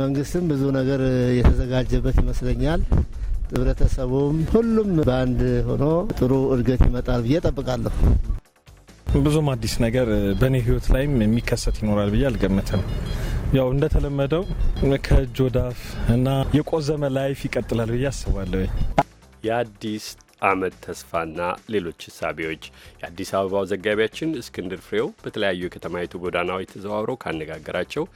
መንግስትም ብዙ ነገር የተዘጋጀበት ይመስለኛል። ህብረተሰቡም ሁሉም በአንድ ሆኖ ጥሩ እድገት ይመጣል ብዬ ጠብቃለሁ። ብዙም አዲስ ነገር በእኔ ህይወት ላይም የሚከሰት ይኖራል ብዬ አልገምትም። ያው እንደተለመደው ከእጅ ወዳፍ እና የቆዘመ ላይፍ ይቀጥላል ብዬ አስባለሁ። የአዲስ አመት ተስፋና ሌሎች ሳቢዎች የአዲስ አበባው ዘጋቢያችን እስክንድር ፍሬው በተለያዩ የከተማይቱ ጎዳናዎች ተዘዋውረው ካነጋገራቸው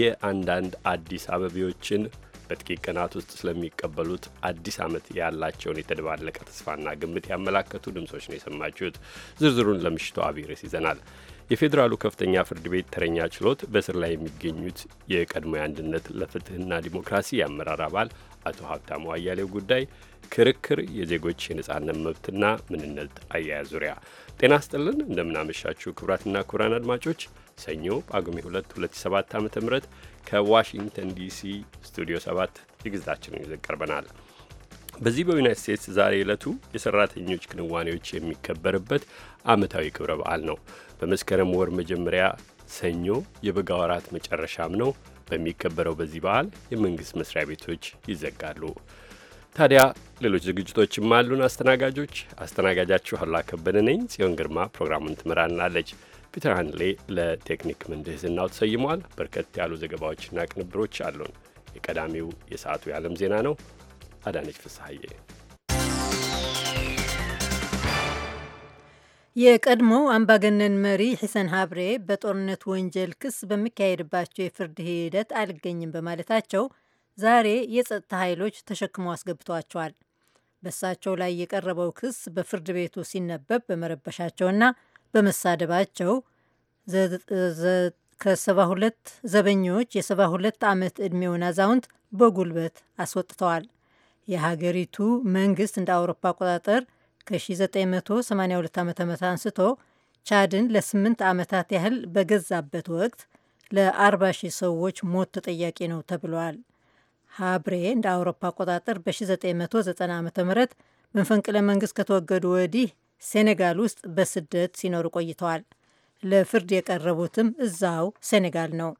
የአንዳንድ አዲስ አበቢዎችን በጥቂት ቀናት ውስጥ ስለሚቀበሉት አዲስ ዓመት ያላቸውን የተደባለቀ ተስፋና ግምት ያመላከቱ ድምጾች ነው የሰማችሁት። ዝርዝሩን ለምሽቱ አብይ ርዕስ ይዘናል። የፌዴራሉ ከፍተኛ ፍርድ ቤት ተረኛ ችሎት በእስር ላይ የሚገኙት የቀድሞ የአንድነት ለፍትህና ዲሞክራሲ የአመራር አባል አቶ ሀብታሙ አያሌው ጉዳይ ክርክር የዜጎች የነጻነት መብትና ምንነት አያያዝ ዙሪያ። ጤና ስጥልን እንደምናመሻችሁ ክቡራትና ክቡራን አድማጮች ሰኞ ጳጉሜ 2 2007 ዓ ም ከዋሽንግተን ዲሲ ስቱዲዮ 7 ዝግጅታችንን ይዘን ቀርበናል። በዚህ በዩናይት ስቴትስ ዛሬ ዕለቱ የሰራተኞች ክንዋኔዎች የሚከበርበት ዓመታዊ ክብረ በዓል ነው። በመስከረም ወር መጀመሪያ ሰኞ የበጋ ወራት መጨረሻም ነው። በሚከበረው በዚህ በዓል የመንግሥት መስሪያ ቤቶች ይዘጋሉ። ታዲያ ሌሎች ዝግጅቶችም አሉን። አስተናጋጆች አስተናጋጃችሁ አላ ከበደ ነኝ። ጽዮን ግርማ ፕሮግራሙን ትመራናለች። ፒተር ሃንሌ ለቴክኒክ ምህንድስናው ተሰይሟል። በርከት ያሉ ዘገባዎችና ቅንብሮች አሉን። የቀዳሚው የሰዓቱ የዓለም ዜና ነው። አዳነች ፍስሐዬ የቀድሞው አምባገነን መሪ ሕሰን ሀብሬ በጦርነት ወንጀል ክስ በሚካሄድባቸው የፍርድ ሂደት አልገኝም በማለታቸው ዛሬ የጸጥታ ኃይሎች ተሸክመው አስገብተዋቸዋል። በሳቸው ላይ የቀረበው ክስ በፍርድ ቤቱ ሲነበብ በመረበሻቸውና በመሳደባቸው ከሰባ ሁለት ዘበኞች የሰባ ሁለት ዓመት ዕድሜውን አዛውንት በጉልበት አስወጥተዋል። የሀገሪቱ መንግስት እንደ አውሮፓ አቆጣጠር ከ1982 ዓ ም አንስቶ ቻድን ለስምንት ዓመታት ያህል በገዛበት ወቅት ለ40 ሺህ ሰዎች ሞት ተጠያቂ ነው ተብሏል። ሀብሬ እንደ አውሮፓ አቆጣጠር በ1990 ዓ ም መንፈንቅለ መንግስት ከተወገዱ ወዲህ ሴኔጋል ውስጥ በስደት ሲኖሩ ቆይተዋል። ለፍርድ የቀረቡትም እዛው ሴኔጋል ነው።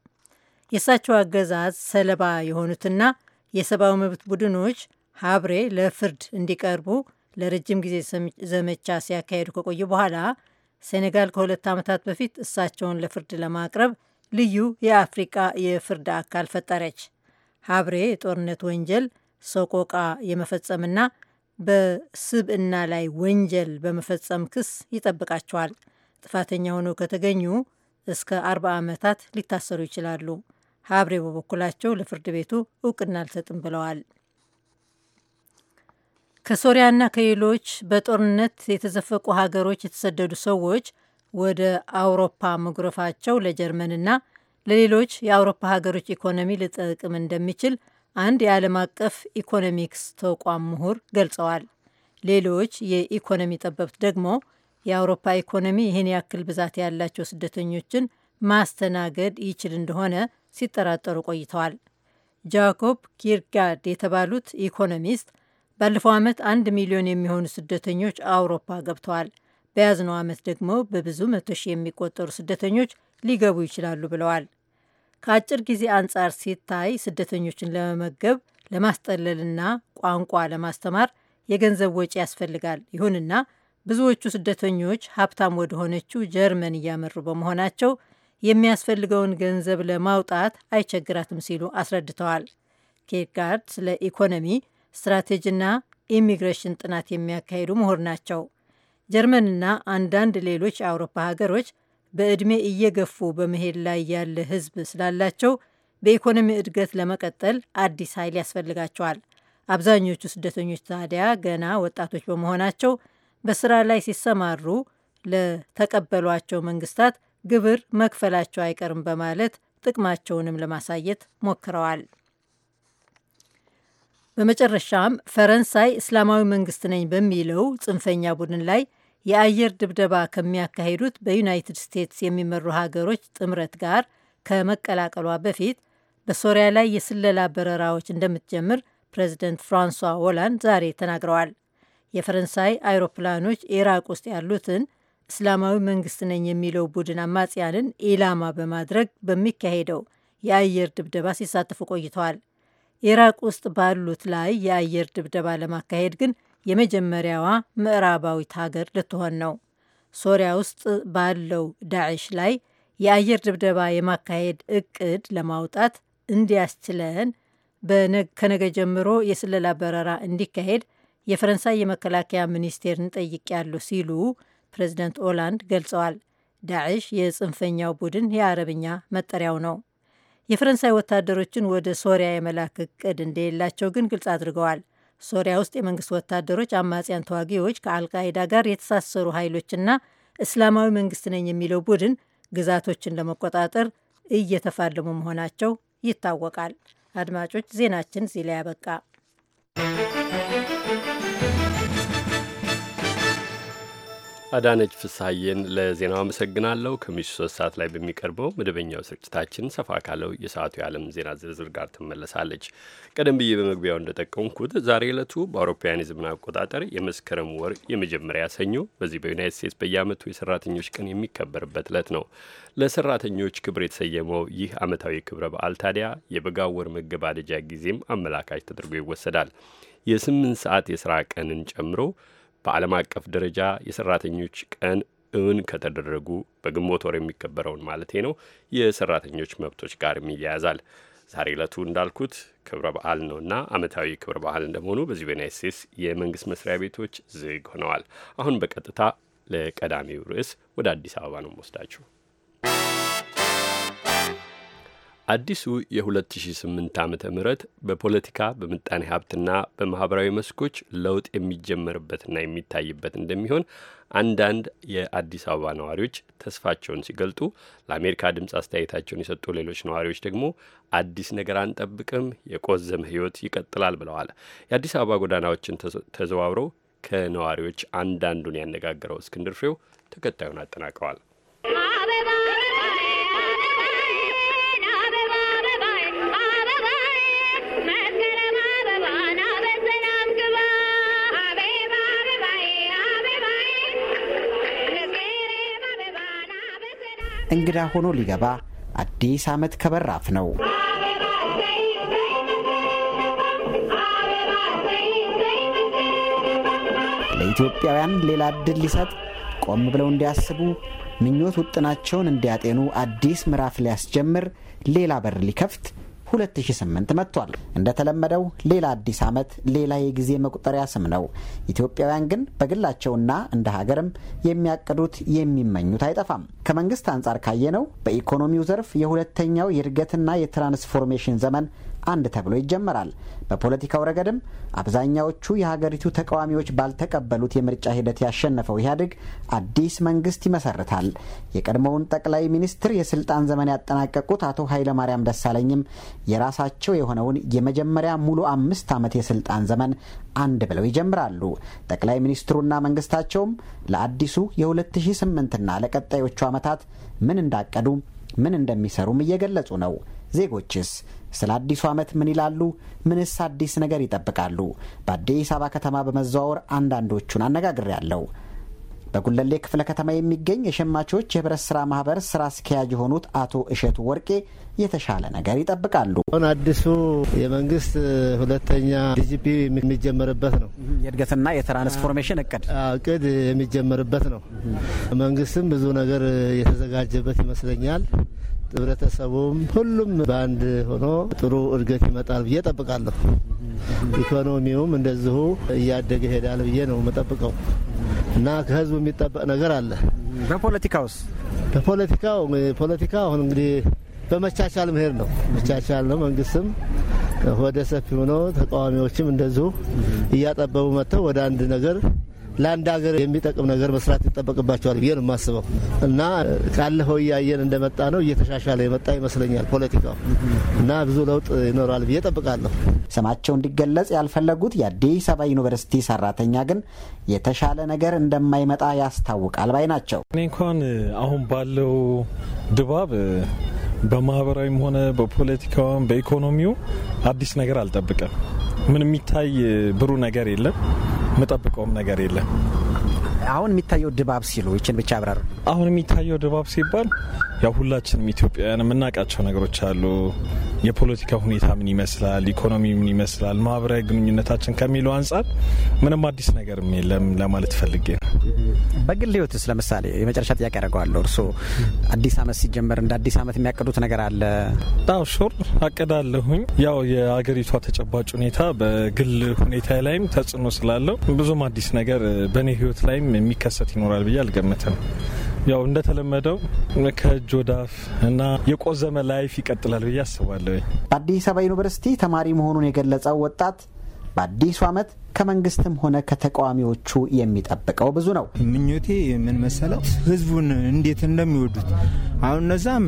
የእሳቸው አገዛዝ ሰለባ የሆኑትና የሰብአዊ መብት ቡድኖች ሀብሬ ለፍርድ እንዲቀርቡ ለረጅም ጊዜ ዘመቻ ሲያካሄዱ ከቆዩ በኋላ ሴኔጋል ከሁለት ዓመታት በፊት እሳቸውን ለፍርድ ለማቅረብ ልዩ የአፍሪቃ የፍርድ አካል ፈጠረች። ሀብሬ የጦርነት ወንጀል ሰቆቃ የመፈጸምና በስብዕና ላይ ወንጀል በመፈጸም ክስ ይጠብቃቸዋል። ጥፋተኛ ሆነው ከተገኙ እስከ አርባ ዓመታት ሊታሰሩ ይችላሉ። ሀብሬ በበኩላቸው ለፍርድ ቤቱ እውቅና አልሰጥም ብለዋል። ከሶሪያና ከሌሎች በጦርነት የተዘፈቁ ሀገሮች የተሰደዱ ሰዎች ወደ አውሮፓ መጉረፋቸው ለጀርመንና ለሌሎች የአውሮፓ ሀገሮች ኢኮኖሚ ሊጠቅም እንደሚችል አንድ የዓለም አቀፍ ኢኮኖሚክስ ተቋም ምሁር ገልጸዋል። ሌሎች የኢኮኖሚ ጠበብት ደግሞ የአውሮፓ ኢኮኖሚ ይህን ያክል ብዛት ያላቸው ስደተኞችን ማስተናገድ ይችል እንደሆነ ሲጠራጠሩ ቆይተዋል። ጃኮብ ኪርጋድ የተባሉት ኢኮኖሚስት ባለፈው ዓመት አንድ ሚሊዮን የሚሆኑ ስደተኞች አውሮፓ ገብተዋል። በያዝነው ዓመት ደግሞ በብዙ መቶ ሺህ የሚቆጠሩ ስደተኞች ሊገቡ ይችላሉ ብለዋል። ከአጭር ጊዜ አንጻር ሲታይ ስደተኞችን ለመመገብ ለማስጠለልና ቋንቋ ለማስተማር የገንዘብ ወጪ ያስፈልጋል። ይሁንና ብዙዎቹ ስደተኞች ሀብታም ወደሆነችው ጀርመን እያመሩ በመሆናቸው የሚያስፈልገውን ገንዘብ ለማውጣት አይቸግራትም ሲሉ አስረድተዋል። ኬርጋርድ ስለ ኢኮኖሚ ስትራቴጂና ኢሚግሬሽን ጥናት የሚያካሂዱ ምሁር ናቸው። ጀርመንና አንዳንድ ሌሎች የአውሮፓ ሀገሮች በዕድሜ እየገፉ በመሄድ ላይ ያለ ህዝብ ስላላቸው በኢኮኖሚ እድገት ለመቀጠል አዲስ ኃይል ያስፈልጋቸዋል። አብዛኞቹ ስደተኞች ታዲያ ገና ወጣቶች በመሆናቸው በስራ ላይ ሲሰማሩ ለተቀበሏቸው መንግስታት ግብር መክፈላቸው አይቀርም በማለት ጥቅማቸውንም ለማሳየት ሞክረዋል። በመጨረሻም ፈረንሳይ እስላማዊ መንግስት ነኝ በሚለው ጽንፈኛ ቡድን ላይ የአየር ድብደባ ከሚያካሂዱት በዩናይትድ ስቴትስ የሚመሩ ሀገሮች ጥምረት ጋር ከመቀላቀሏ በፊት በሶሪያ ላይ የስለላ በረራዎች እንደምትጀምር ፕሬዚደንት ፍራንሷ ሆላንድ ዛሬ ተናግረዋል። የፈረንሳይ አይሮፕላኖች ኢራቅ ውስጥ ያሉትን እስላማዊ መንግስት ነኝ የሚለው ቡድን አማጽያንን ኢላማ በማድረግ በሚካሄደው የአየር ድብደባ ሲሳተፉ ቆይተዋል። ኢራቅ ውስጥ ባሉት ላይ የአየር ድብደባ ለማካሄድ ግን የመጀመሪያዋ ምዕራባዊት ሀገር ልትሆን ነው። ሶሪያ ውስጥ ባለው ዳዕሽ ላይ የአየር ድብደባ የማካሄድ እቅድ ለማውጣት እንዲያስችለን ከነገ ጀምሮ የስለላ በረራ እንዲካሄድ የፈረንሳይ የመከላከያ ሚኒስቴርን ጠይቄያለሁ ሲሉ ፕሬዚደንት ኦላንድ ገልጸዋል። ዳዕሽ የጽንፈኛው ቡድን የአረብኛ መጠሪያው ነው። የፈረንሳይ ወታደሮችን ወደ ሶሪያ የመላክ እቅድ እንደሌላቸው ግን ግልጽ አድርገዋል። ሶሪያ ውስጥ የመንግስት ወታደሮች፣ አማጽያን ተዋጊዎች፣ ከአልቃይዳ ጋር የተሳሰሩ ኃይሎችና እስላማዊ መንግስት ነኝ የሚለው ቡድን ግዛቶችን ለመቆጣጠር እየተፋለሙ መሆናቸው ይታወቃል። አድማጮች ዜናችን እዚህ ላይ ያበቃ። አዳነች ፍሳሐዬን ለዜናው አመሰግናለሁ። ከምሽቱ ሶስት ሰዓት ላይ በሚቀርበው መደበኛው ስርጭታችን ሰፋ ካለው የሰዓቱ የዓለም ዜና ዝርዝር ጋር ትመለሳለች። ቀደም ብዬ በመግቢያው እንደጠቀምኩት ዛሬ ዕለቱ በአውሮፓውያን የዘመን አቆጣጠር የመስከረም ወር የመጀመሪያ ሰኞ በዚህ በዩናይት ስቴትስ በየአመቱ የሰራተኞች ቀን የሚከበርበት ዕለት ነው። ለሰራተኞች ክብር የተሰየመው ይህ ዓመታዊ ክብረ በዓል ታዲያ የበጋው ወር መገባደጃ ጊዜም አመላካች ተደርጎ ይወሰዳል። የስምንት ሰዓት የስራ ቀንን ጨምሮ በዓለም አቀፍ ደረጃ የሰራተኞች ቀን እውን ከተደረጉ በግንቦት ወር የሚከበረውን ማለቴ ነው የሰራተኞች መብቶች ጋር የሚያያዛል። ዛሬ ዕለቱ እንዳልኩት ክብረ በዓል ነውና አመታዊ ክብረ በዓል እንደመሆኑ በዚህ በዩናይት ስቴትስ የመንግስት መስሪያ ቤቶች ዝግ ሆነዋል። አሁን በቀጥታ ለቀዳሚው ርዕስ ወደ አዲስ አበባ ነው ወስዳችሁ አዲሱ የ2008 ዓ ም በፖለቲካ በምጣኔ ሀብትና በማኅበራዊ መስኮች ለውጥ የሚጀመርበትና የሚታይበት እንደሚሆን አንዳንድ የአዲስ አበባ ነዋሪዎች ተስፋቸውን ሲገልጡ፣ ለአሜሪካ ድምፅ አስተያየታቸውን የሰጡ ሌሎች ነዋሪዎች ደግሞ አዲስ ነገር አንጠብቅም፣ የቆዘመ ህይወት ይቀጥላል ብለዋል። የአዲስ አበባ ጎዳናዎችን ተዘዋውረው ከነዋሪዎች አንዳንዱን ያነጋገረው እስክንድር ፍሬው ተከታዩን አጠናቀዋል። እንግዳ ሆኖ ሊገባ አዲስ ዓመት ከበራፍ ነው። ለኢትዮጵያውያን ሌላ ዕድል ሊሰጥ ቆም ብለው እንዲያስቡ ምኞት ውጥናቸውን እንዲያጤኑ አዲስ ምዕራፍ ሊያስጀምር ሌላ በር ሊከፍት 2008 መጥቷል። እንደተለመደው ሌላ አዲስ ዓመት፣ ሌላ የጊዜ መቁጠሪያ ስም ነው። ኢትዮጵያውያን ግን በግላቸውና እንደ ሀገርም የሚያቅዱት የሚመኙት አይጠፋም። ከመንግስት አንጻር ካየነው በኢኮኖሚው ዘርፍ የሁለተኛው የእድገትና የትራንስፎርሜሽን ዘመን አንድ ተብሎ ይጀመራል። በፖለቲካው ረገድም አብዛኛዎቹ የሀገሪቱ ተቃዋሚዎች ባልተቀበሉት የምርጫ ሂደት ያሸነፈው ኢህአዴግ አዲስ መንግስት ይመሰርታል። የቀድሞውን ጠቅላይ ሚኒስትር የስልጣን ዘመን ያጠናቀቁት አቶ ኃይለማርያም ደሳለኝም የራሳቸው የሆነውን የመጀመሪያ ሙሉ አምስት ዓመት የስልጣን ዘመን አንድ ብለው ይጀምራሉ። ጠቅላይ ሚኒስትሩና መንግስታቸውም ለአዲሱ የ2008ና ለቀጣዮቹ ዓመታት ምን እንዳቀዱ፣ ምን እንደሚሰሩም እየገለጹ ነው። ዜጎችስ ስለ አዲሱ ዓመት ምን ይላሉ? ምንስ አዲስ ነገር ይጠብቃሉ? በአዲስ አበባ ከተማ በመዘዋወር አንዳንዶቹን አነጋግሬያለሁ። በጉለሌ ክፍለ ከተማ የሚገኝ የሸማቾች የህብረት ስራ ማህበር ስራ አስኪያጅ የሆኑት አቶ እሸቱ ወርቄ የተሻለ ነገር ይጠብቃሉ። አሁን አዲሱ የመንግስት ሁለተኛ ዲጂፒ የሚጀመርበት ነው። የእድገትና የትራንስፎርሜሽን እቅድ እቅድ የሚጀመርበት ነው። መንግስትም ብዙ ነገር የተዘጋጀበት ይመስለኛል። ህብረተሰቡም ሁሉም በአንድ ሆኖ ጥሩ እድገት ይመጣል ብዬ ጠብቃለሁ። ኢኮኖሚውም እንደዚሁ እያደገ ይሄዳል ብዬ ነው የምጠብቀው። እና ከህዝቡ የሚጠበቅ ነገር አለ። ውስጥ በፖለቲካው ፖለቲካ አሁን እንግዲህ በመቻቻል መሄድ ነው። መቻቻል ነው። መንግስትም ወደ ሰፊ ሆኖ ተቃዋሚዎችም እንደዚሁ እያጠበቡ መጥተው ወደ አንድ ነገር ለአንድ ሀገር የሚጠቅም ነገር መስራት ይጠበቅባቸዋል ብዬ ነው የማስበው እና ካለፈው እያየን እንደመጣ ነው እየተሻሻለ የመጣ ይመስለኛል ፖለቲካው እና ብዙ ለውጥ ይኖራል ብዬ ጠብቃለሁ። ስማቸው እንዲገለጽ ያልፈለጉት የአዲስ አበባ ዩኒቨርሲቲ ሰራተኛ ግን የተሻለ ነገር እንደማይመጣ ያስታውቃል ባይ ናቸው። እኔ እንኳን አሁን ባለው ድባብ በማህበራዊም ሆነ በፖለቲካውም በኢኮኖሚው አዲስ ነገር አልጠብቅም። ምን የሚታይ ብሩ ነገር የለም። የምጠብቀውም ነገር የለም። አሁን የሚታየው ድባብ ሲሉ ይችን ብቻ አብራሩ። አሁን የሚታየው ድባብ ሲባል ያው ሁላችንም ኢትዮጵያውያን የምናውቃቸው ነገሮች አሉ። የፖለቲካ ሁኔታ ምን ይመስላል፣ ኢኮኖሚ ምን ይመስላል፣ ማህበራዊ ግንኙነታችን ከሚለው አንጻር ምንም አዲስ ነገርም የለም ለማለት ፈልጌ ነው። በግል ውስጥ ለምሳሌ የመጨረሻ ጥያቄ ያደርገዋለሁ። እርስዎ አዲስ አመት ሲጀመር እንደ አዲስ አመት የሚያቅዱት ነገር አለ? አዎ ሹር አቅዳለሁኝ። ያው የአገሪቷ ተጨባጭ ሁኔታ በግል ሁኔታ ላይም ተጽዕኖ ስላለው ብዙም አዲስ ነገር በእኔ ህይወት ላይም የሚከሰት ይኖራል ብዬ አልገምትም። ያው እንደተለመደው ከእጅ ወዳፍ እና የቆዘመ ላይፍ ይቀጥላል ብዬ አስባለሁ። በአዲስ አበባ ዩኒቨርሲቲ ተማሪ መሆኑን የገለጸው ወጣት በአዲሱ ዓመት ከመንግስትም ሆነ ከተቃዋሚዎቹ የሚጠብቀው ብዙ ነው። ምኞቴ ምን መሰለው፣ ህዝቡን እንዴት እንደሚወዱት አሁን እነዛም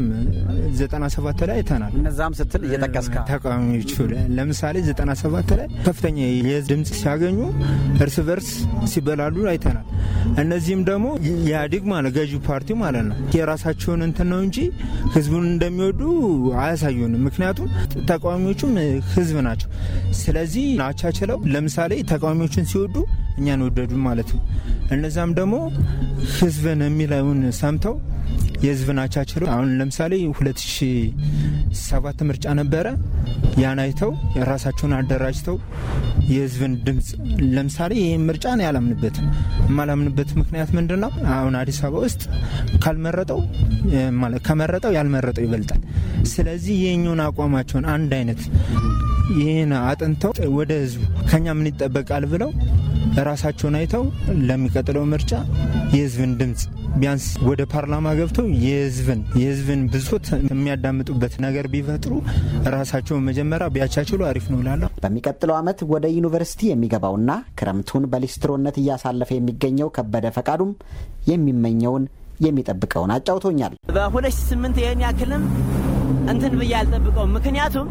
97 ላይ አይተናል። እነዛም ስትል እየጠቀስከ ተቃዋሚዎቹ ለምሳሌ 97 ላይ ከፍተኛ የድምፅ ሲያገኙ እርስ በርስ ሲበላሉ አይተናል። እነዚህም ደግሞ ኢህአዴግ ማለት ገዢ ፓርቲው ማለት ነው የራሳቸውን እንትን ነው እንጂ ህዝቡን እንደሚወዱ አያሳዩንም። ምክንያቱም ተቃዋሚዎቹም ህዝብ ናቸው። ስለዚህ አቻችለው ለምሳሌ ተቃዋሚዎችን ሲወዱ እኛን ወደዱ ማለት ነው። እነዛም ደግሞ ህዝብን የሚለውን ሰምተው የህዝብን አቻችሎ አሁን ለምሳሌ 2007 ምርጫ ነበረ። ያን አይተው ራሳቸውን አደራጅተው የህዝብን ድምፅ ለምሳሌ ይህ ምርጫ ነው ያላምንበት። የማላምንበት ምክንያት ምንድን ነው? አሁን አዲስ አበባ ውስጥ ካልመረጠው ከመረጠው ያልመረጠው ይበልጣል። ስለዚህ የኛውን አቋማቸውን አንድ አይነት ይህን አጥንተው ወደ ህዝቡ ከኛ ምን ይጠበቃል ብለው ራሳቸውን አይተው ለሚቀጥለው ምርጫ የህዝብን ድምፅ ቢያንስ ወደ ፓርላማ ገብተው የህዝብን የህዝብን ብሶት የሚያዳምጡበት ነገር ቢፈጥሩ ራሳቸውን መጀመሪያ ቢያቻችሉ አሪፍ ነው ላለሁ። በሚቀጥለው ዓመት ወደ ዩኒቨርሲቲ የሚገባውና ክረምቱን በሊስትሮነት እያሳለፈ የሚገኘው ከበደ ፈቃዱም የሚመኘውን የሚጠብቀውን አጫውቶኛል። በ2008 ይህን ያክልም እንትን ብዬ አልጠብቀውም ምክንያቱም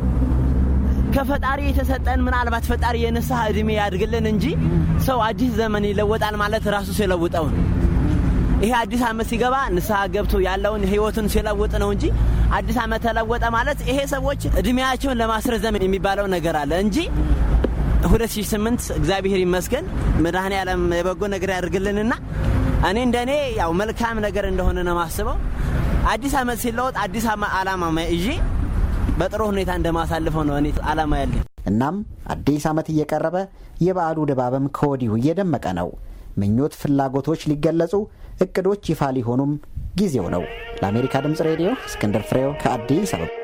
ከፈጣሪ የተሰጠን ምናልባት ፈጣሪ የንስሐ እድሜ ያድግልን እንጂ ሰው አዲስ ዘመን ይለወጣል ማለት ራሱ ሲለውጠው ነው። ይሄ አዲስ ዓመት ሲገባ ንስሐ ገብቶ ያለውን ህይወቱን ሲለውጥ ነው እንጂ አዲስ ዓመት ተለወጠ ማለት ይሄ ሰዎች እድሜያቸውን ለማስረዘም የሚባለው ነገር አለ እንጂ 2008 እግዚአብሔር ይመስገን መድኃኔ ዓለም የበጎ ነገር ያድርግልንና እኔ እንደኔ ያው መልካም ነገር እንደሆነ ነው ማስበው። አዲስ ዓመት ሲለወጥ አዲስ ዓላማ ይዤ በጥሩ ሁኔታ እንደማሳልፈው ነው እኔ አላማ ያለኝ። እናም አዲስ ዓመት እየቀረበ የበዓሉ ድባብም ከወዲሁ እየደመቀ ነው። ምኞት፣ ፍላጎቶች ሊገለጹ እቅዶች ይፋ ሊሆኑም ጊዜው ነው። ለአሜሪካ ድምፅ ሬዲዮ እስክንድር ፍሬው ከአዲስ አበባ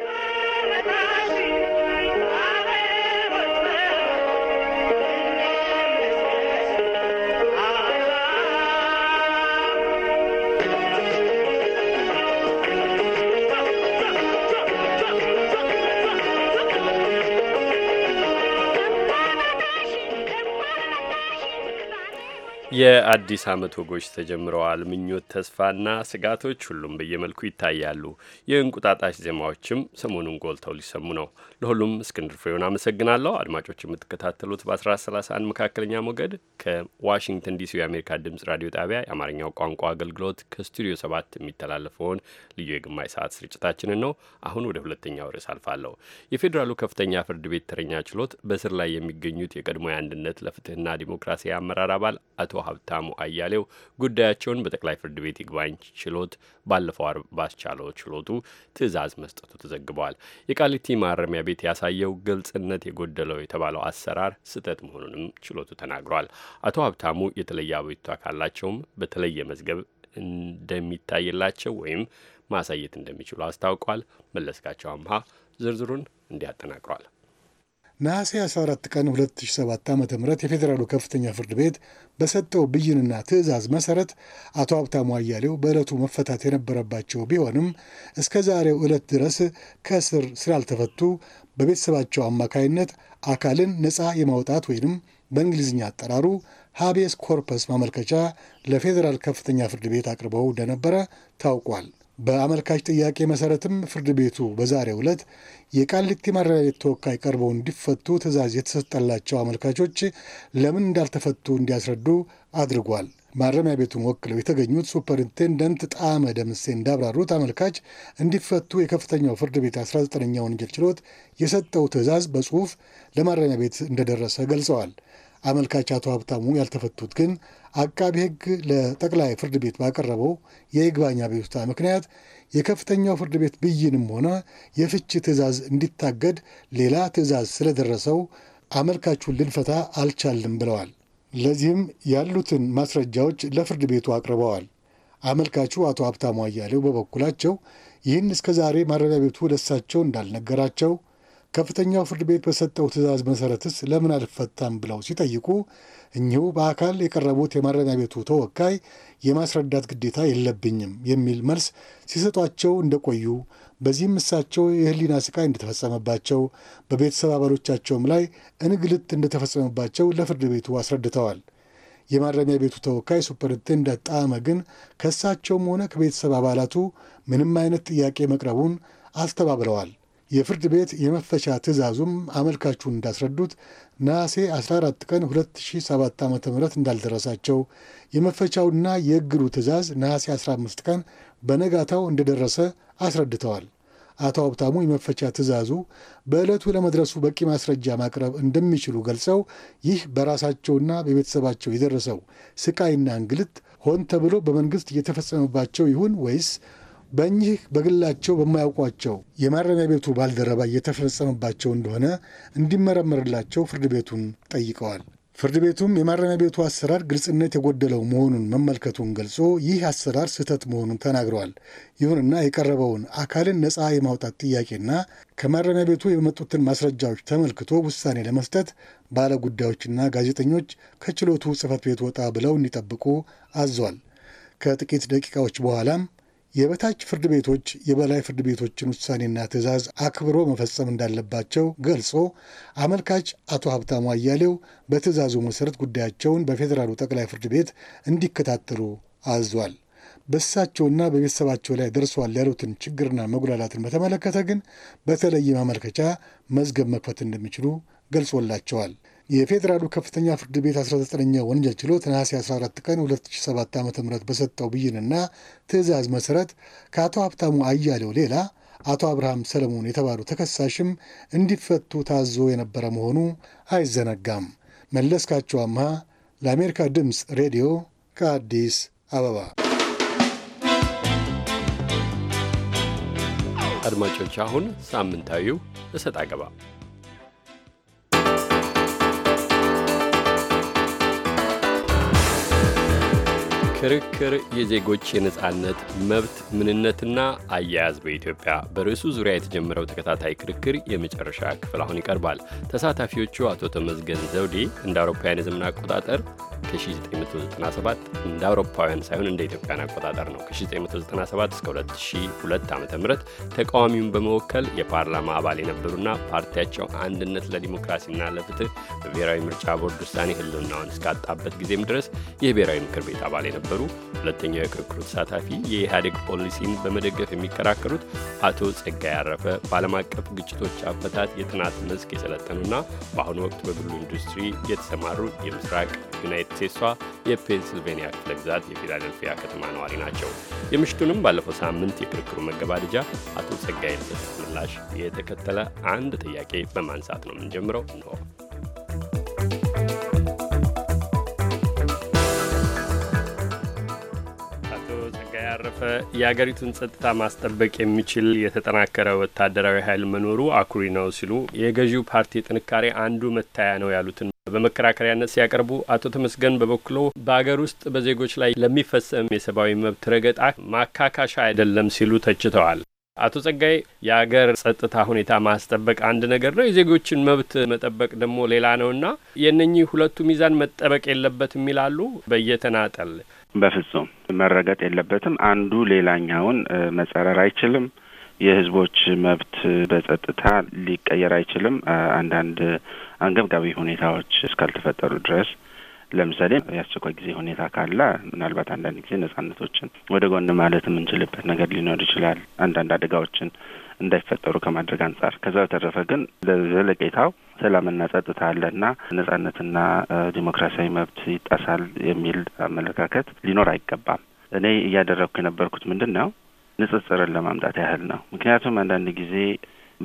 የአዲስ ዓመት ወጎች ተጀምረዋል። ምኞት፣ ተስፋና ስጋቶች ሁሉም በየመልኩ ይታያሉ። የእንቁጣጣሽ ዜማዎችም ሰሞኑን ጎልተው ሊሰሙ ነው። ለሁሉም እስክንድር ፍሬውን አመሰግናለሁ። አድማጮች የምትከታተሉት በ 1131 መካከለኛ ሞገድ ከዋሽንግተን ዲሲ የአሜሪካ ድምፅ ራዲዮ ጣቢያ የአማርኛው ቋንቋ አገልግሎት ከስቱዲዮ ሰባት የሚተላለፈውን ልዩ የግማሽ ሰዓት ስርጭታችንን ነው። አሁን ወደ ሁለተኛው ርዕስ አልፋለሁ። የፌዴራሉ ከፍተኛ ፍርድ ቤት ተረኛ ችሎት በስር ላይ የሚገኙት የቀድሞ የአንድነት ለፍትህና ዲሞክራሲ አመራር አባል አቶ ሀብታሙ አያሌው ጉዳያቸውን በጠቅላይ ፍርድ ቤት ይግባኝ ችሎት ባለፈው አርብ ባስቻለው ችሎቱ ትዕዛዝ መስጠቱ ተዘግቧል። የቃሊቲ ማረሚያ ቤት ያሳየው ግልጽነት የጎደለው የተባለው አሰራር ስህተት መሆኑንም ችሎቱ ተናግሯል። አቶ ሀብታሙ የተለየ አቤቱታ ካላቸውም በተለየ መዝገብ እንደሚታይላቸው ወይም ማሳየት እንደሚችሉ አስታውቋል። መለስካቸው አምሃ ዝርዝሩን እንዲህ አጠናቅሯል። ነሐሴ 14 ቀን 2007 ዓ ም የፌዴራሉ ከፍተኛ ፍርድ ቤት በሰጠው ብይንና ትዕዛዝ መሰረት አቶ ሀብታሙ አያሌው በዕለቱ መፈታት የነበረባቸው ቢሆንም እስከ ዛሬው ዕለት ድረስ ከእስር ስላልተፈቱ በቤተሰባቸው አማካይነት አካልን ነፃ የማውጣት ወይንም በእንግሊዝኛ አጠራሩ ሃቤስ ኮርፐስ ማመልከቻ ለፌዴራል ከፍተኛ ፍርድ ቤት አቅርበው እንደነበረ ታውቋል። በአመልካች ጥያቄ መሰረትም ፍርድ ቤቱ በዛሬ ዕለት የቃሊቲ ማረሚያ ቤት ተወካይ ቀርበው እንዲፈቱ ትዕዛዝ የተሰጠላቸው አመልካቾች ለምን እንዳልተፈቱ እንዲያስረዱ አድርጓል። ማረሚያ ቤቱን ወክለው የተገኙት ሱፐርኢንቴንደንት ጣዕመ ደምሴ እንዳብራሩት አመልካች እንዲፈቱ የከፍተኛው ፍርድ ቤት 19ኛ ወንጀል ችሎት የሰጠው ትዕዛዝ በጽሁፍ ለማረሚያ ቤት እንደደረሰ ገልጸዋል። አመልካች አቶ ሀብታሙ ያልተፈቱት ግን አቃቢ ሕግ ለጠቅላይ ፍርድ ቤት ባቀረበው የይግባኝ አቤቱታ ምክንያት የከፍተኛው ፍርድ ቤት ብይንም ሆነ የፍች ትዕዛዝ እንዲታገድ ሌላ ትዕዛዝ ስለደረሰው አመልካቹን ልንፈታ አልቻልም ብለዋል። ለዚህም ያሉትን ማስረጃዎች ለፍርድ ቤቱ አቅርበዋል። አመልካቹ አቶ ሀብታሙ አያሌው በበኩላቸው ይህን እስከ ዛሬ ማረሚያ ቤቱ ለሳቸው እንዳልነገራቸው ከፍተኛው ፍርድ ቤት በሰጠው ትዕዛዝ መሠረትስ ለምን አልፈታም ብለው ሲጠይቁ እኚሁ በአካል የቀረቡት የማረሚያ ቤቱ ተወካይ የማስረዳት ግዴታ የለብኝም የሚል መልስ ሲሰጧቸው እንደቆዩ በዚህም እሳቸው የህሊና ስቃይ እንደተፈጸመባቸው በቤተሰብ አባሎቻቸውም ላይ እንግልት እንደተፈጸመባቸው ለፍርድ ቤቱ አስረድተዋል። የማረሚያ ቤቱ ተወካይ ሱፐርቴንዳንት ጣዕመ ግን ከእሳቸውም ሆነ ከቤተሰብ አባላቱ ምንም አይነት ጥያቄ መቅረቡን አስተባብለዋል። የፍርድ ቤት የመፈቻ ትዕዛዙም አመልካቹን እንዳስረዱት ነሐሴ 14 ቀን 2007 ዓ ም እንዳልደረሳቸው የመፈቻውና የእግዱ ትዕዛዝ ነሐሴ 15 ቀን በነጋታው እንደደረሰ አስረድተዋል። አቶ ሀብታሙ የመፈቻ ትዕዛዙ በዕለቱ ለመድረሱ በቂ ማስረጃ ማቅረብ እንደሚችሉ ገልጸው ይህ በራሳቸውና በቤተሰባቸው የደረሰው ስቃይና እንግልት ሆን ተብሎ በመንግስት እየተፈጸመባቸው ይሁን ወይስ በእኚህ በግላቸው በማያውቋቸው የማረሚያ ቤቱ ባልደረባ እየተፈጸመባቸው እንደሆነ እንዲመረመርላቸው ፍርድ ቤቱን ጠይቀዋል። ፍርድ ቤቱም የማረሚያ ቤቱ አሰራር ግልጽነት የጎደለው መሆኑን መመልከቱን ገልጾ ይህ አሰራር ስህተት መሆኑን ተናግረዋል። ይሁንና የቀረበውን አካልን ነፃ የማውጣት ጥያቄና ከማረሚያ ቤቱ የመጡትን ማስረጃዎች ተመልክቶ ውሳኔ ለመስጠት ባለ ጉዳዮችና ጋዜጠኞች ከችሎቱ ጽህፈት ቤት ወጣ ብለው እንዲጠብቁ አዟል። ከጥቂት ደቂቃዎች በኋላም የበታች ፍርድ ቤቶች የበላይ ፍርድ ቤቶችን ውሳኔና ትዕዛዝ አክብሮ መፈጸም እንዳለባቸው ገልጾ አመልካች አቶ ሀብታሙ አያሌው በትዕዛዙ መሰረት ጉዳያቸውን በፌዴራሉ ጠቅላይ ፍርድ ቤት እንዲከታተሉ አዟል። በእሳቸውና በቤተሰባቸው ላይ ደርሷል ያሉትን ችግርና መጉላላትን በተመለከተ ግን በተለይም ማመልከቻ መዝገብ መክፈት እንደሚችሉ ገልጾላቸዋል። የፌዴራሉ ከፍተኛ ፍርድ ቤት 19ኛ ወንጀል ችሎት ነሐሴ 14 ቀን 2007 ዓ ም በሰጠው ብይንና ትዕዛዝ መሠረት ከአቶ ሀብታሙ አያሌው ሌላ አቶ አብርሃም ሰለሞን የተባሉ ተከሳሽም እንዲፈቱ ታዞ የነበረ መሆኑ አይዘነጋም። መለስካቸው አምሃ ለአሜሪካ ድምፅ ሬዲዮ ከአዲስ አበባ። አድማጮች፣ አሁን ሳምንታዊው እሰጥ አገባ ክርክር የዜጎች የነጻነት መብት ምንነትና አያያዝ በኢትዮጵያ በርዕሱ ዙሪያ የተጀመረው ተከታታይ ክርክር የመጨረሻ ክፍል አሁን ይቀርባል። ተሳታፊዎቹ አቶ ተመዝገን ዘውዴ እንደ አውሮፓውያን የዘመን አቆጣጠር ከ1997 እንደ አውሮፓውያን ሳይሆን እንደ ኢትዮጵያን አቆጣጠር ነው። ከ1997 እስከ 2002 ዓ ም ተቃዋሚውን በመወከል የፓርላማ አባል የነበሩና ፓርቲያቸው አንድነት ለዲሞክራሲና ለፍትህ በብሔራዊ ምርጫ ቦርድ ውሳኔ ህልውናውን እስካጣበት ጊዜም ድረስ የብሔራዊ ምክር ቤት አባል የነበሩ ሁለተኛው የክርክሩ ተሳታፊ የኢህአዴግ ፖሊሲን በመደገፍ የሚከራከሩት አቶ ጸጋዬ አረፈ በዓለም አቀፍ ግጭቶች አፈታት የጥናት መስክ የሰለጠኑና በአሁኑ ወቅት በግሉ ኢንዱስትሪ የተሰማሩ የምስራቅ ዩናይትድ ስቴትሷ የፔንስልቬንያ ክፍለ ግዛት የፊላደልፊያ ከተማ ነዋሪ ናቸው። የምሽቱንም ባለፈው ሳምንት የክርክሩ መገባደጃ አቶ ጸጋይ የሰጡት ምላሽ የተከተለ አንድ ጥያቄ በማንሳት ነው የምንጀምረው እንሆ ያረፈ የአገሪቱን ጸጥታ ማስጠበቅ የሚችል የተጠናከረ ወታደራዊ ኃይል መኖሩ አኩሪ ነው ሲሉ የገዢው ፓርቲ ጥንካሬ አንዱ መታያ ነው ያሉትን በመከራከሪያነት ሲያቀርቡ፣ አቶ ተመስገን በበኩሎ በአገር ውስጥ በዜጎች ላይ ለሚፈጸም የሰብአዊ መብት ረገጣ ማካካሻ አይደለም ሲሉ ተችተዋል። አቶ ጸጋይ የአገር ጸጥታ ሁኔታ ማስጠበቅ አንድ ነገር ነው፣ የዜጎችን መብት መጠበቅ ደግሞ ሌላ ነውና የእነኚህ ሁለቱ ሚዛን መጠበቅ የለበትም ይላሉ በየተናጠል በፍጹም መረገጥ የለበትም። አንዱ ሌላኛውን መጸረር አይችልም። የህዝቦች መብት በጸጥታ ሊቀየር አይችልም። አንዳንድ አንገብጋቢ ሁኔታዎች እስካልተፈጠሩ ድረስ ለምሳሌ የአስቸኳይ ጊዜ ሁኔታ ካለ ምናልባት አንዳንድ ጊዜ ነጻነቶችን ወደ ጎን ማለት የምንችልበት ነገር ሊኖር ይችላል። አንዳንድ አደጋዎችን እንዳይፈጠሩ ከማድረግ አንጻር። ከዛ በተረፈ ግን ለዘለቄታው ሰላምና ጸጥታ አለና ነጻነትና ዲሞክራሲያዊ መብት ይጣሳል የሚል አመለካከት ሊኖር አይገባም። እኔ እያደረግኩ የነበርኩት ምንድን ነው ንጽጽርን ለማምጣት ያህል ነው። ምክንያቱም አንዳንድ ጊዜ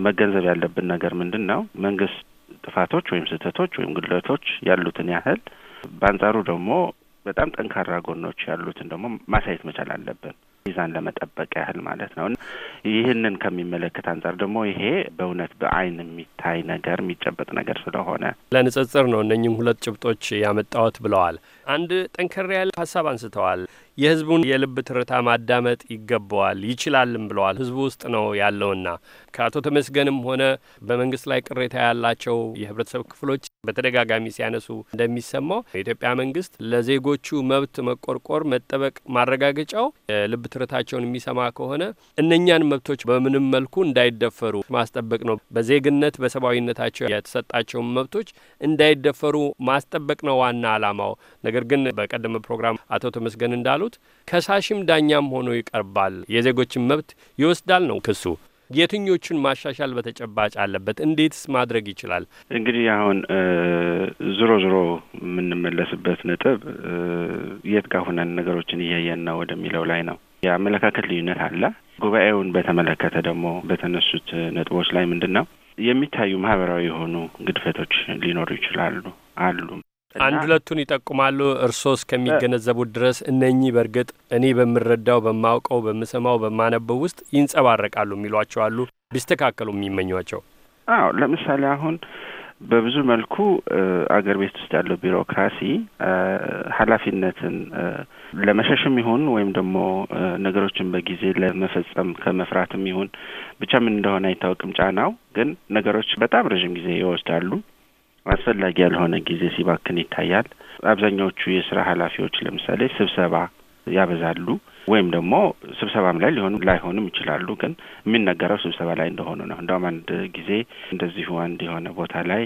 መገንዘብ ያለብን ነገር ምንድን ነው፣ መንግስት ጥፋቶች ወይም ስህተቶች ወይም ጉድለቶች ያሉትን ያህል በአንጻሩ ደግሞ በጣም ጠንካራ ጎኖች ያሉትን ደግሞ ማሳየት መቻል አለብን፣ ሚዛን ለመጠበቅ ያህል ማለት ነው። ይህንን ከሚመለከት አንጻር ደግሞ ይሄ በእውነት በአይን የሚታይ ነገር የሚጨበጥ ነገር ስለሆነ ለንጽጽር ነው እነኝም ሁለት ጭብጦች ያመጣወት ብለዋል። አንድ ጠንከር ያለ ሀሳብ አንስተዋል። የህዝቡን የልብ ትርታ ማዳመጥ ይገባዋል ይችላልም ብለዋል። ህዝቡ ውስጥ ነው ያለውና ከአቶ ተመስገንም ሆነ በመንግስት ላይ ቅሬታ ያላቸው የህብረተሰብ ክፍሎች በተደጋጋሚ ሲያነሱ እንደሚሰማው የኢትዮጵያ መንግስት ለዜጎቹ መብት መቆርቆር መጠበቅ ማረጋገጫው ልብ ትርታቸውን የሚሰማ ከሆነ እነኛን መብቶች በምንም መልኩ እንዳይደፈሩ ማስጠበቅ ነው። በዜግነት በሰብአዊነታቸው የተሰጣቸውን መብቶች እንዳይደፈሩ ማስጠበቅ ነው ዋና አላማው። ነገር ግን በቀደመ ፕሮግራም አቶ ተመስገን እንዳሉ እንዳሉት ከሳሽም ዳኛም ሆኖ ይቀርባል፣ የዜጎችን መብት ይወስዳል ነው ክሱ። የትኞቹን ማሻሻል በተጨባጭ አለበት? እንዴትስ ማድረግ ይችላል? እንግዲህ አሁን ዞሮ ዞሮ የምንመለስበት ነጥብ የት ጋር ሁነን ነገሮችን እያየን ነው ወደሚለው ላይ ነው። የአመለካከት ልዩነት አለ። ጉባኤውን በተመለከተ ደግሞ በተነሱት ነጥቦች ላይ ምንድን ነው የሚታዩ ማህበራዊ የሆኑ ግድፈቶች ሊኖሩ ይችላሉ አሉ። አንድ ሁለቱን ይጠቁማሉ። እርስዎ እስከሚገነዘቡት ድረስ እነኚህ በእርግጥ እኔ በምረዳው፣ በማውቀው፣ በምሰማው፣ በማነበው ውስጥ ይንጸባረቃሉ የሚሏቸው አሉ ቢስተካከሉ የሚመኟቸው? አዎ ለምሳሌ አሁን በብዙ መልኩ አገር ቤት ውስጥ ያለው ቢሮክራሲ ኃላፊነትን ለመሸሽም ይሁን ወይም ደግሞ ነገሮችን በጊዜ ለመፈጸም ከመፍራትም ይሁን ብቻ ምን እንደሆነ አይታወቅም። ጫናው ግን ነገሮች በጣም ረዥም ጊዜ ይወስዳሉ። አስፈላጊ ያልሆነ ጊዜ ሲባክን ይታያል። አብዛኛዎቹ የስራ ኃላፊዎች ለምሳሌ ስብሰባ ያበዛሉ ወይም ደግሞ ስብሰባም ላይ ሊሆኑ ላይሆኑም ይችላሉ። ግን የሚነገረው ስብሰባ ላይ እንደሆኑ ነው። እንደውም አንድ ጊዜ እንደዚሁ አንድ የሆነ ቦታ ላይ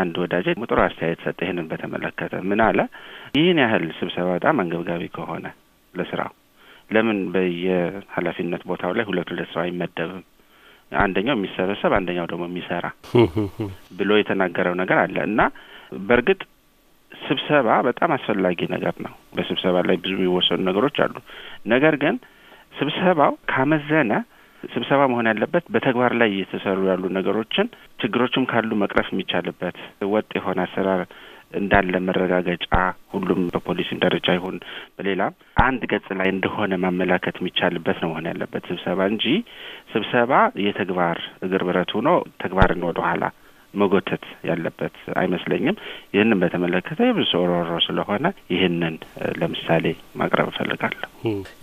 አንድ ወዳጅ ጥሩ አስተያየት ሰጠ። ይህንን በተመለከተ ምን አለ? ይህን ያህል ስብሰባ በጣም አንገብጋቢ ከሆነ ለስራው ለምን በየኃላፊነት ቦታው ላይ ሁለት ሁለት ሰው አይመደብም? አንደኛው የሚሰበሰብ አንደኛው ደግሞ የሚሰራ ብሎ የተናገረው ነገር አለ እና በእርግጥ ስብሰባ በጣም አስፈላጊ ነገር ነው። በስብሰባ ላይ ብዙ የሚወሰኑ ነገሮች አሉ። ነገር ግን ስብሰባው ካመዘነ ስብሰባ መሆን ያለበት በተግባር ላይ እየተሰሩ ያሉ ነገሮችን ችግሮችም ካሉ መቅረፍ የሚቻልበት ወጥ የሆነ አሰራር እንዳለ መረጋገጫ ሁሉም በፖሊሲም ደረጃ ይሁን በሌላም አንድ ገጽ ላይ እንደሆነ ማመላከት የሚቻልበት ነው መሆን ያለበት ስብሰባ እንጂ ስብሰባ የተግባር እግር ብረት ሆኖ ተግባርን ወደ ኋላ መጎተት ያለበት አይመስለኝም። ይህንን በተመለከተ የብዙ ሮሮ ስለሆነ ይህንን ለምሳሌ ማቅረብ እፈልጋለሁ።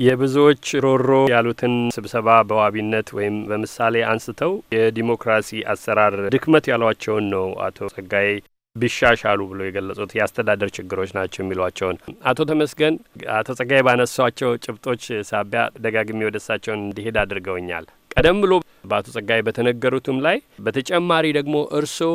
የብዙዎች ሮሮ ያሉትን ስብሰባ በዋቢነት ወይም በምሳሌ አንስተው የዲሞክራሲ አሰራር ድክመት ያሏቸውን ነው አቶ ጸጋዬ ቢሻሻሉ ብሎ የገለጹት የአስተዳደር ችግሮች ናቸው የሚሏቸውን አቶ ተመስገን አቶ ጸጋዬ ባነሷቸው ጭብጦች ሳቢያ ደጋግሜ ወደ እሳቸውን እንዲሄድ አድርገውኛል። ቀደም ብሎ በአቶ ጸጋዬ በተነገሩትም ላይ በተጨማሪ ደግሞ እርስዎ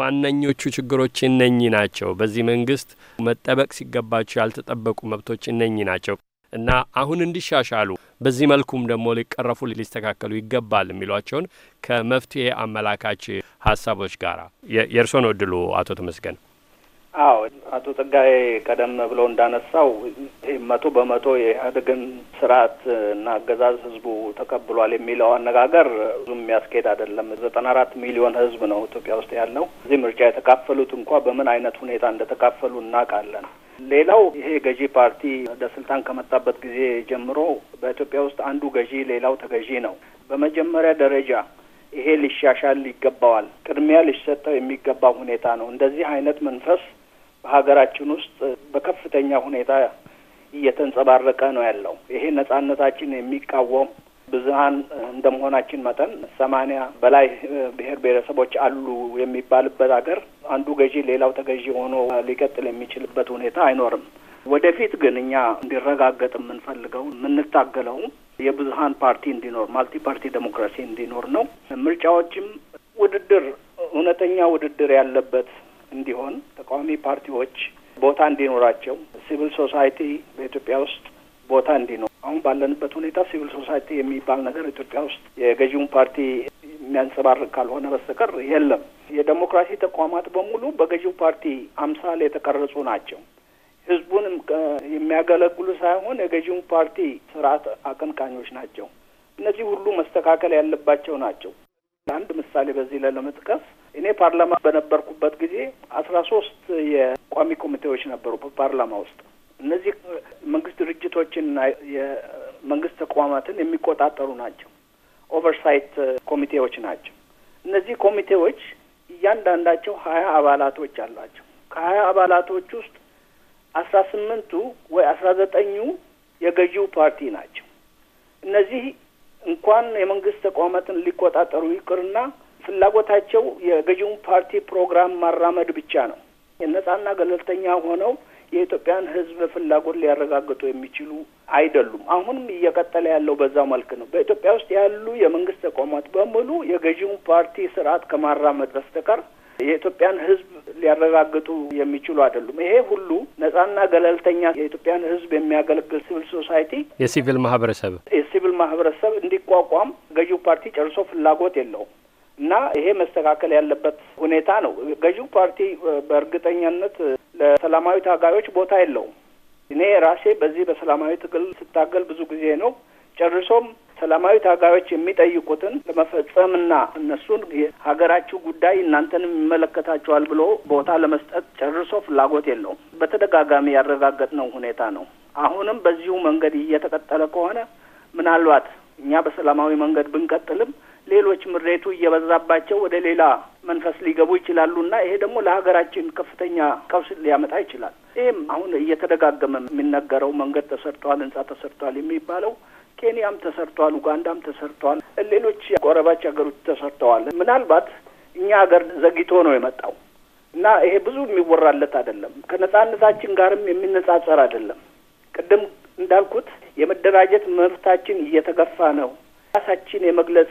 ዋነኞቹ ችግሮች እነኚህ ናቸው፣ በዚህ መንግስት መጠበቅ ሲገባቸው ያልተጠበቁ መብቶች እነኚህ ናቸው እና አሁን እንዲሻሻሉ በዚህ መልኩም ደግሞ ሊቀረፉ ሊስተካከሉ ይገባል የሚሏቸውን ከመፍትሄ አመላካች ሀሳቦች ጋር የእርስዎ ነው እድሉ አቶ ተመስገን። አዎ አቶ ጸጋዬ ቀደም ብሎ እንዳነሳው መቶ በመቶ የኢህአዴግን ስርዓት እና አገዛዝ ህዝቡ ተቀብሏል የሚለው አነጋገር ብዙም የሚያስኬድ አይደለም። ዘጠና አራት ሚሊዮን ህዝብ ነው ኢትዮጵያ ውስጥ ያለው። እዚህ ምርጫ የተካፈሉት እንኳ በምን አይነት ሁኔታ እንደተካፈሉ እናውቃለን። ሌላው ይሄ ገዢ ፓርቲ ወደ ስልጣን ከመጣበት ጊዜ ጀምሮ በኢትዮጵያ ውስጥ አንዱ ገዢ ሌላው ተገዢ ነው። በመጀመሪያ ደረጃ ይሄ ሊሻሻል ይገባዋል፣ ቅድሚያ ሊሰጠው የሚገባ ሁኔታ ነው። እንደዚህ አይነት መንፈስ በሀገራችን ውስጥ በከፍተኛ ሁኔታ እየተንጸባረቀ ነው ያለው። ይሄ ነጻነታችን የሚቃወም ብዙሀን እንደመሆናችን መጠን ሰማንያ በላይ ብሔር ብሔረሰቦች አሉ የሚባልበት ሀገር አንዱ ገዢ ሌላው ተገዢ ሆኖ ሊቀጥል የሚችልበት ሁኔታ አይኖርም። ወደፊት ግን እኛ እንዲረጋገጥ የምንፈልገው የምንታገለው የብዙሀን ፓርቲ እንዲኖር ማልቲ ፓርቲ ዴሞክራሲ እንዲኖር ነው። ምርጫዎችም ውድድር፣ እውነተኛ ውድድር ያለበት እንዲሆን ተቃዋሚ ፓርቲዎች ቦታ እንዲኖራቸው፣ ሲቪል ሶሳይቲ በኢትዮጵያ ውስጥ ቦታ እንዲኖር አሁን ባለንበት ሁኔታ ሲቪል ሶሳይቲ የሚባል ነገር ኢትዮጵያ ውስጥ የገዥውን ፓርቲ የሚያንጸባርቅ ካልሆነ በስተቀር የለም። የዴሞክራሲ ተቋማት በሙሉ በገዢው ፓርቲ አምሳል የተቀረጹ ናቸው። ህዝቡን የሚያገለግሉ ሳይሆን የገዢውን ፓርቲ ስርዓት አቀንቃኞች ናቸው። እነዚህ ሁሉ መስተካከል ያለባቸው ናቸው። አንድ ምሳሌ በዚህ ላይ ለመጥቀስ እኔ ፓርላማ በነበርኩበት ጊዜ አስራ ሶስት የቋሚ ኮሚቴዎች ነበሩ ፓርላማ ውስጥ። እነዚህ መንግስት ድርጅቶችንና የመንግስት ተቋማትን የሚቆጣጠሩ ናቸው። ኦቨርሳይት ኮሚቴዎች ናቸው። እነዚህ ኮሚቴዎች እያንዳንዳቸው ሀያ አባላቶች አሏቸው። ከሀያ አባላቶች ውስጥ አስራ ስምንቱ ወይ አስራ ዘጠኙ የገዢው ፓርቲ ናቸው። እነዚህ እንኳን የመንግስት ተቋማትን ሊቆጣጠሩ ይቅርና ፍላጎታቸው የገዢውን ፓርቲ ፕሮግራም ማራመድ ብቻ ነው። ነጻና ገለልተኛ ሆነው የኢትዮጵያን ሕዝብ ፍላጎት ሊያረጋግጡ የሚችሉ አይደሉም። አሁንም እየቀጠለ ያለው በዛው መልክ ነው። በኢትዮጵያ ውስጥ ያሉ የመንግስት ተቋማት በሙሉ የገዢውን ፓርቲ ስርዓት ከማራመድ በስተቀር የኢትዮጵያን ሕዝብ ሊያረጋግጡ የሚችሉ አይደሉም። ይሄ ሁሉ ነጻና ገለልተኛ የኢትዮጵያን ሕዝብ የሚያገለግል ሲቪል ሶሳይቲ የሲቪል ማህበረሰብ የሲቪል ማህበረሰብ እንዲቋቋም ገዢው ፓርቲ ጨርሶ ፍላጎት የለውም። እና ይሄ መስተካከል ያለበት ሁኔታ ነው። ገዢው ፓርቲ በእርግጠኛነት ለሰላማዊ ታጋዮች ቦታ የለውም። እኔ ራሴ በዚህ በሰላማዊ ትግል ስታገል ብዙ ጊዜ ነው። ጨርሶም ሰላማዊ ታጋዮች የሚጠይቁትን ለመፈጸምና እነሱን የሀገራችሁ ጉዳይ እናንተንም ይመለከታችኋል ብሎ ቦታ ለመስጠት ጨርሶ ፍላጎት የለውም። በተደጋጋሚ ያረጋገጥነው ሁኔታ ነው። አሁንም በዚሁ መንገድ እየተቀጠለ ከሆነ ምናልባት እኛ በሰላማዊ መንገድ ብንቀጥልም ሌሎች ምሬቱ እየበዛባቸው ወደ ሌላ መንፈስ ሊገቡ እና ይሄ ደግሞ ለሀገራችን ከፍተኛ ቀውስ ሊያመጣ ይችላል። ይህም አሁን እየተደጋገመ የሚነገረው መንገድ ተሰርቷል፣ ህንጻ ተሰርቷል የሚባለው ኬንያም ተሰርቷል፣ ኡጋንዳም ተሰርተዋል፣ ሌሎች ጎረባች ሀገሮች ተሰርተዋል። ምናልባት እኛ ሀገር ዘግይቶ ነው የመጣው እና ይሄ ብዙ የሚወራለት አይደለም። ከነጻነታችን ጋርም የሚነጻጸር አይደለም። ቅድም እንዳልኩት የመደራጀት መብታችን እየተገፋ ነው። ራሳችን የመግለጽ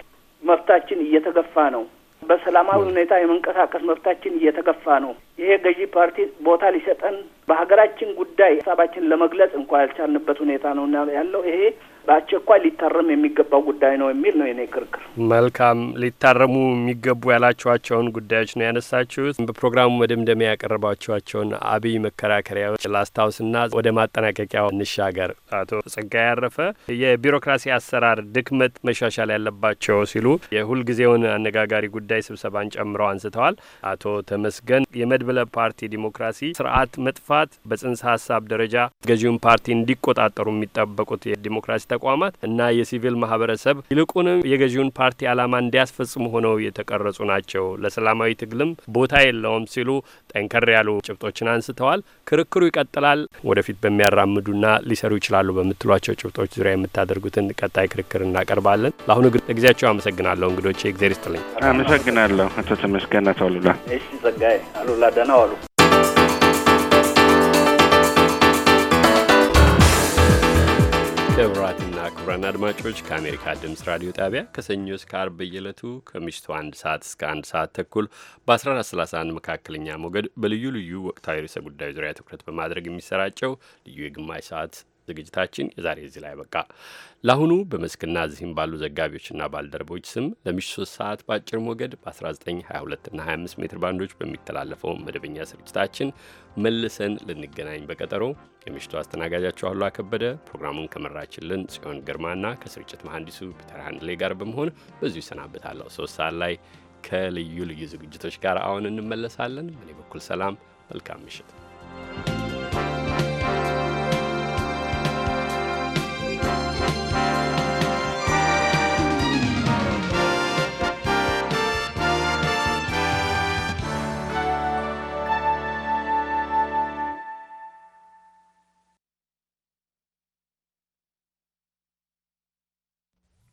መብታችን እየተገፋ ነው። በሰላማዊ ሁኔታ የመንቀሳቀስ መብታችን እየተገፋ ነው። ይሄ ገዢ ፓርቲ ቦታ ሊሰጠን በሀገራችን ጉዳይ ሀሳባችን ለመግለጽ እንኳ ያልቻልንበት ሁኔታ ነው ያለው ይሄ በአስቸኳይ ሊታረም የሚገባው ጉዳይ ነው የሚል ነው የኔ ክርክር። መልካም ሊታረሙ የሚገቡ ያላችኋቸውን ጉዳዮች ነው ያነሳችሁት። በፕሮግራሙ መደምደሚያ ያቀረባችኋቸውን አብይ መከራከሪያዎች ላስታውስና ወደ ማጠናቀቂያው እንሻገር። አቶ ጸጋዬ አረፈ የቢሮክራሲ አሰራር ድክመት መሻሻል ያለባቸው ሲሉ የሁልጊዜውን አነጋጋሪ ጉዳይ ስብሰባን ጨምረው አንስተዋል። አቶ ተመስገን የመድብለ ፓርቲ ዲሞክራሲ ስርዓት መጥፋት በጽንሰ ሀሳብ ደረጃ ገዢውን ፓርቲ እንዲቆጣጠሩ የሚጠበቁት የዲሞክራሲ ተቋማት እና የሲቪል ማህበረሰብ ይልቁንም የገዢውን ፓርቲ ዓላማ እንዲያስፈጽሙ ሆነው የተቀረጹ ናቸው፣ ለሰላማዊ ትግልም ቦታ የለውም ሲሉ ጠንከር ያሉ ጭብጦችን አንስተዋል። ክርክሩ ይቀጥላል። ወደፊት በሚያራምዱና ሊሰሩ ይችላሉ በምትሏቸው ጭብጦች ዙሪያ የምታደርጉትን ቀጣይ ክርክር እናቀርባለን። ለአሁኑ ግን ለጊዜያቸው አመሰግናለሁ። እንግዶቼ እግዜር ይስጥልኝ። አመሰግናለሁ። አቶ ተመስገን፣ አቶ አሉላ። እሺ ጸጋዬ፣ አሉላ ደህና ዋሉ። ክቡራትና ክቡራን አድማጮች ከአሜሪካ ድምፅ ራዲዮ ጣቢያ ከሰኞ እስከ አርብ በየዕለቱ ከምሽቱ አንድ ሰዓት እስከ አንድ ሰዓት ተኩል በ1431 መካከለኛ ሞገድ በልዩ ልዩ ወቅታዊ ርዕሰ ጉዳዮች ዙሪያ ትኩረት በማድረግ የሚሰራጨው ልዩ የግማሽ ሰዓት ዝግጅታችን የዛሬ እዚህ ላይ በቃ። ለአሁኑ በመስክና እዚህም ባሉ ዘጋቢዎችና ባልደረቦች ስም ለምሽቱ ሶስት ሰዓት በአጭር ሞገድ በ1922 እና 25 ሜትር ባንዶች በሚተላለፈው መደበኛ ስርጭታችን መልሰን ልንገናኝ በቀጠሮ የምሽቱ አስተናጋጃቸው አሉ አከበደ ፕሮግራሙን ከመራችልን ጽዮን ግርማና ከስርጭት መሐንዲሱ ፒተር ሃንድሌ ጋር በመሆን በዚሁ ይሰናበታለሁ። ሶስት ሰዓት ላይ ከልዩ ልዩ ዝግጅቶች ጋር አሁን እንመለሳለን። በእኔ በኩል ሰላም፣ መልካም ምሽት።